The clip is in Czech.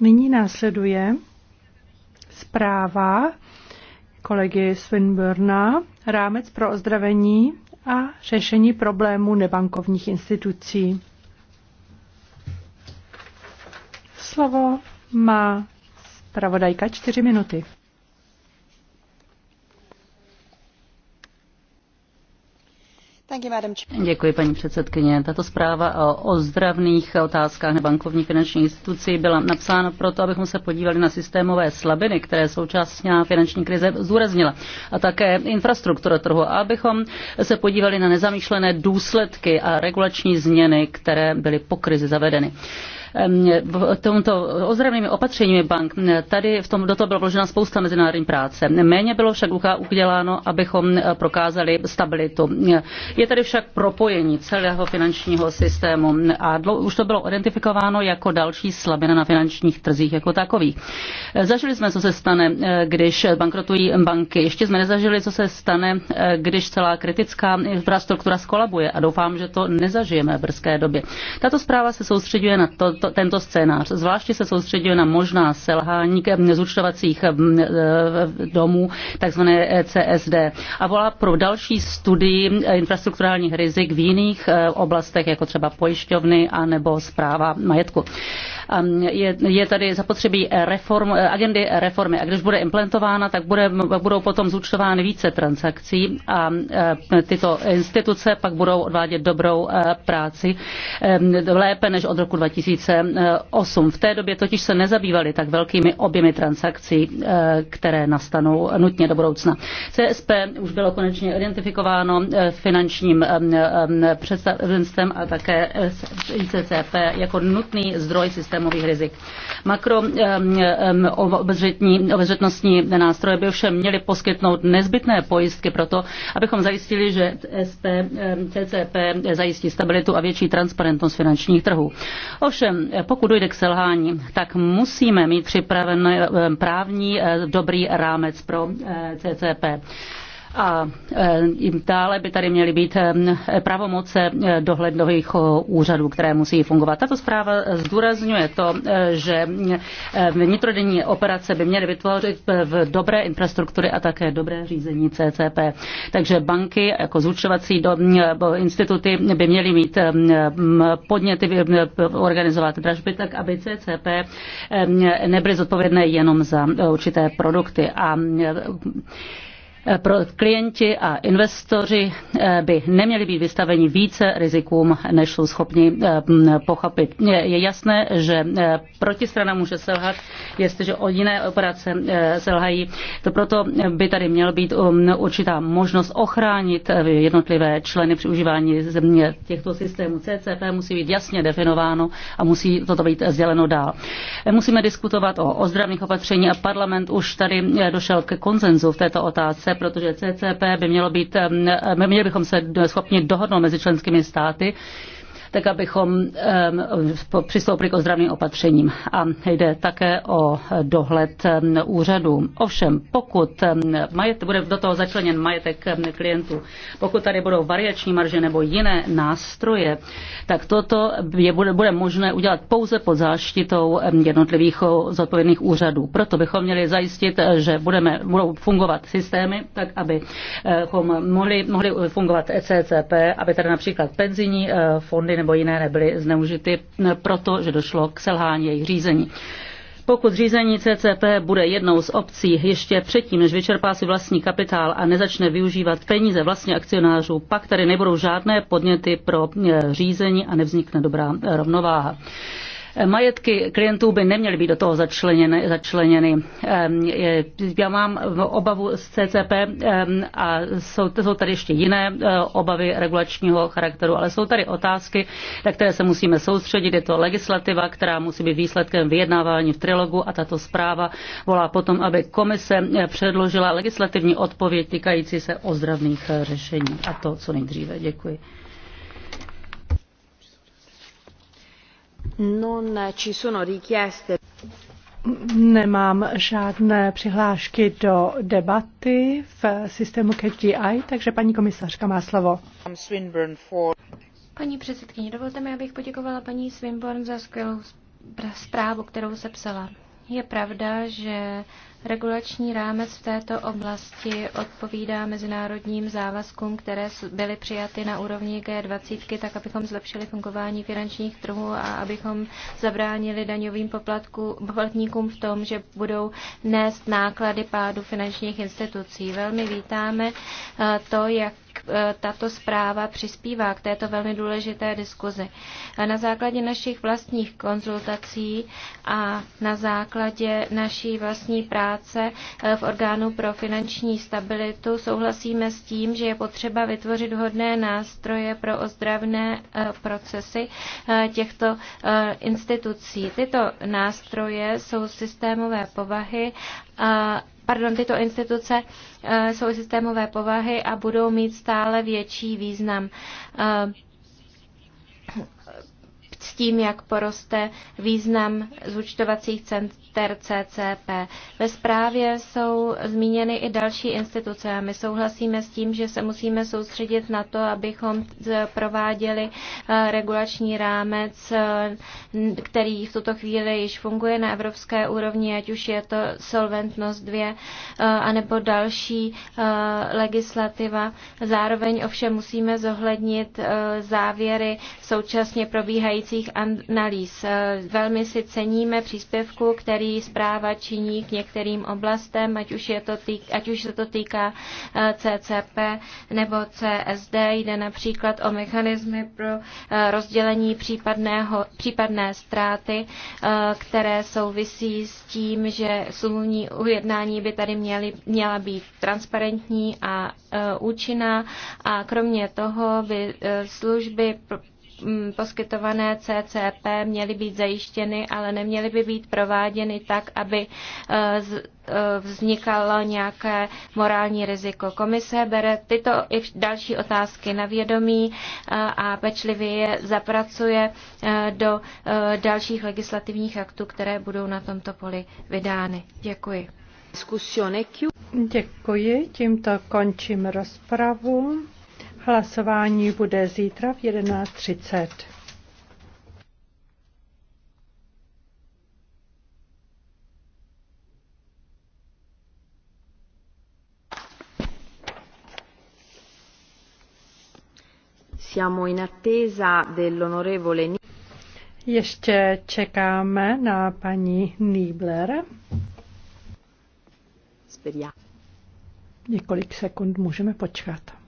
Nyní následuje zpráva kolegy Swinburna Rámec pro ozdravení a řešení problémů nebankovních institucí. Slovo má zpravodajka čtyři minuty. Děkuji, paní předsedkyně. Tato zpráva o ozdravných otázkách nebankovních finančních institucí byla napsána proto, abychom se podívali na systémové slabiny, které současná finanční krize zúraznila. A také infrastruktura trhu, abychom se podívali na nezamýšlené důsledky a regulační změny, které byly po krizi zavedeny. Ehm, tomto ozdravnými opatřeními bank, tady v tom, do toho byla vložena spousta mezinárodní práce. Méně bylo však uděláno, abychom e, prokázali stabilitu. Je tady však propojení celého finančního systému a dlou, už to bylo identifikováno jako další slabina na finančních trzích jako takových. E, zažili jsme, co se stane, e, když bankrotují banky. Ještě jsme nezažili, co se stane, když celá kritická infrastruktura skolabuje a doufám, že to nezažijeme v brzké době. Tato zpráva se soustředuje na to, to, tento scénář. Zvláště se soustředil na možná selhání zúčtovacích domů, takzvané e CSD, a volá pro další studii infrastrukturálních rizik v jiných e, oblastech, jako třeba pojišťovny a nebo zpráva majetku je, je tady zapotřebí reform, agendy reformy. A když bude implementována, tak bude, budou potom zúčtovány více transakcí a e, tyto instituce pak budou odvádět dobrou e, práci e, lépe než od roku 2008. V té době totiž se nezabývali tak velkými objemy transakcí, které nastanou nutně do budoucna. CSP už bylo konečně identifikováno finančním představenstvem a také ICCP jako nutný zdroj systému systémových rizik. obezřetnostní nástroje by ovšem měly poskytnout nezbytné pojistky pro to, abychom zajistili, že SP, CCP zajistí stabilitu a větší transparentnost finančních trhů. Ovšem, pokud dojde k selhání, tak musíme mít připravený právní e, dobrý rámec pro e, CCP a eh, dále by tady měly být eh, pravomoce eh, dohledových úřadů, které musí fungovat. Tato zpráva zdůrazňuje to, že vnitrodenní operace by měly vytvořit v dobré infrastruktury a také dobré řízení CCP. Takže banky jako zúčtovací instituty by měly mít podněty organizovat dražby tak, aby CCP nebyly zodpovědné jenom za určité produkty. A Eh, pro klienti a investoři eh, by neměli být vystaveni více rizikům, než jsou schopni eh, pochopit. Je jasné, že protistrana může selhat, jestliže o jiné operace selhají. To proto by tady měl být um, určitá možnost ochránit jednotlivé členy při užívání těchto systémů. CCP musí být jasně definováno a musí toto být sděleno dál. Musíme diskutovat o ozdravných opatření a parlament už tady došel ke konsenzu v této otázce protože CCP by mělo být, eh, měli bychom se schopni dohodnout mezi členskými státy tak abychom přistoupili k ozdravným opatřením. A jde také o dohled úřadů. Ovšem, pokud majet, bude do toho začleněn majetek klientů, pokud tady budou variační marže nebo jiné nástroje, tak toto je, bude, bude možné udělat pouze pod záštitou jednotlivých zodpovědných úřadů. Proto bychom měli zajistit, e, že budeme, budou fungovat systémy, tak aby e, mohli, mohli fungovat ECCP, aby tady například penzijní e, fondy nebo jiné nebyly zneužity proto, že došlo k selhání jejich řízení. Pokud řízení CCP bude jednou z obcí ještě předtím, než vyčerpá si vlastní kapitál a nezačne využívat peníze vlastní akcionářů, pak tady nebudou žádné podněty pro e, řízení a nevznikne dobrá e, rovnováha. Majetky klientů by neměly být do toho začleněny. začleněny. Já mám obavu z CCP a jsou, jsou tady ještě jiné e, obavy regulačního charakteru, ale jsou tady otázky, na které se musíme soustředit. Je to legislativa, která musí být výsledkem vyjednávání v trilogu a tato zpráva volá potom, aby komise e, předložila legislativní odpověď týkající se ozdravných e, řešení. A to co nejdříve. Děkuji. Nemám žádné přihlášky do debaty v systému KGI, takže paní komisařka má slovo. Paní předsedkyně, dovolte mi, abych poděkovala paní Swinburne za skvělou zprávu, kterou se psala. Je pravda, že regulační rámec v této oblasti odpovídá mezinárodním závazkům, které byly přijaty na úrovni G20, tak abychom zlepšili fungování finančních trhů a abychom zabránili daňovým poplatníkům v tom, že budou nést náklady pádu finančních institucí. Velmi vítáme eh, to, jak Eh, tato zpráva přispívá k této velmi důležité diskuzi. Na základě našich vlastních konzultací a na základě naší vlastní práce eh, v orgánu pro finanční stabilitu souhlasíme s tím, že je potřeba vytvořit hodné nástroje pro ozdravné eh, procesy těchto institucí. Tyto nástroje jsou systémové povahy a pardon, tyto instituce eh, jsou systémové povahy a budou mít stále větší význam eh, s tím, jak poroste význam zúčtovacích center CCP. Ve zprávě jsou zmíněny i další instituce a my souhlasíme s tím, že se musíme soustředit na to, abychom prováděli eh, regulační rámec, eh, který v tuto chvíli již funguje na evropské úrovni, ať už je to Solventnost 2 eh, anebo další legislativa. Zároveň ovšem musíme zohlednit závěry současně probíhajících svých analýz. Eh, Velmi si ceníme příspěvku, který zpráva činí k některým oblastem, ať už, je to týk, ať už se to týká eh, CCP nebo CSD. Jde například o mechanismy pro eh, rozdělení případného, případné ztráty, které souvisí s tím, že smluvní ujednání by tady měly, měla být transparentní a účinná a kromě toho by služby Mm, poskytované CCP měly být zajištěny, ale neměly by být prováděny tak, aby eh, eh, vznikalo nějaké morální riziko. Komise bere tyto i další otázky na vědomí eh, a pečlivě je zapracuje do dalších legislativních aktů, které budou na tomto poli vydány. Děkuji. Děkuji, tímto končím rozpravu. Hlasování bude zítra v 11.30. Siamo in attesa dell'onorevole Ještě čekáme na paní Niebler. Speriamo. Několik sekund můžeme počkat.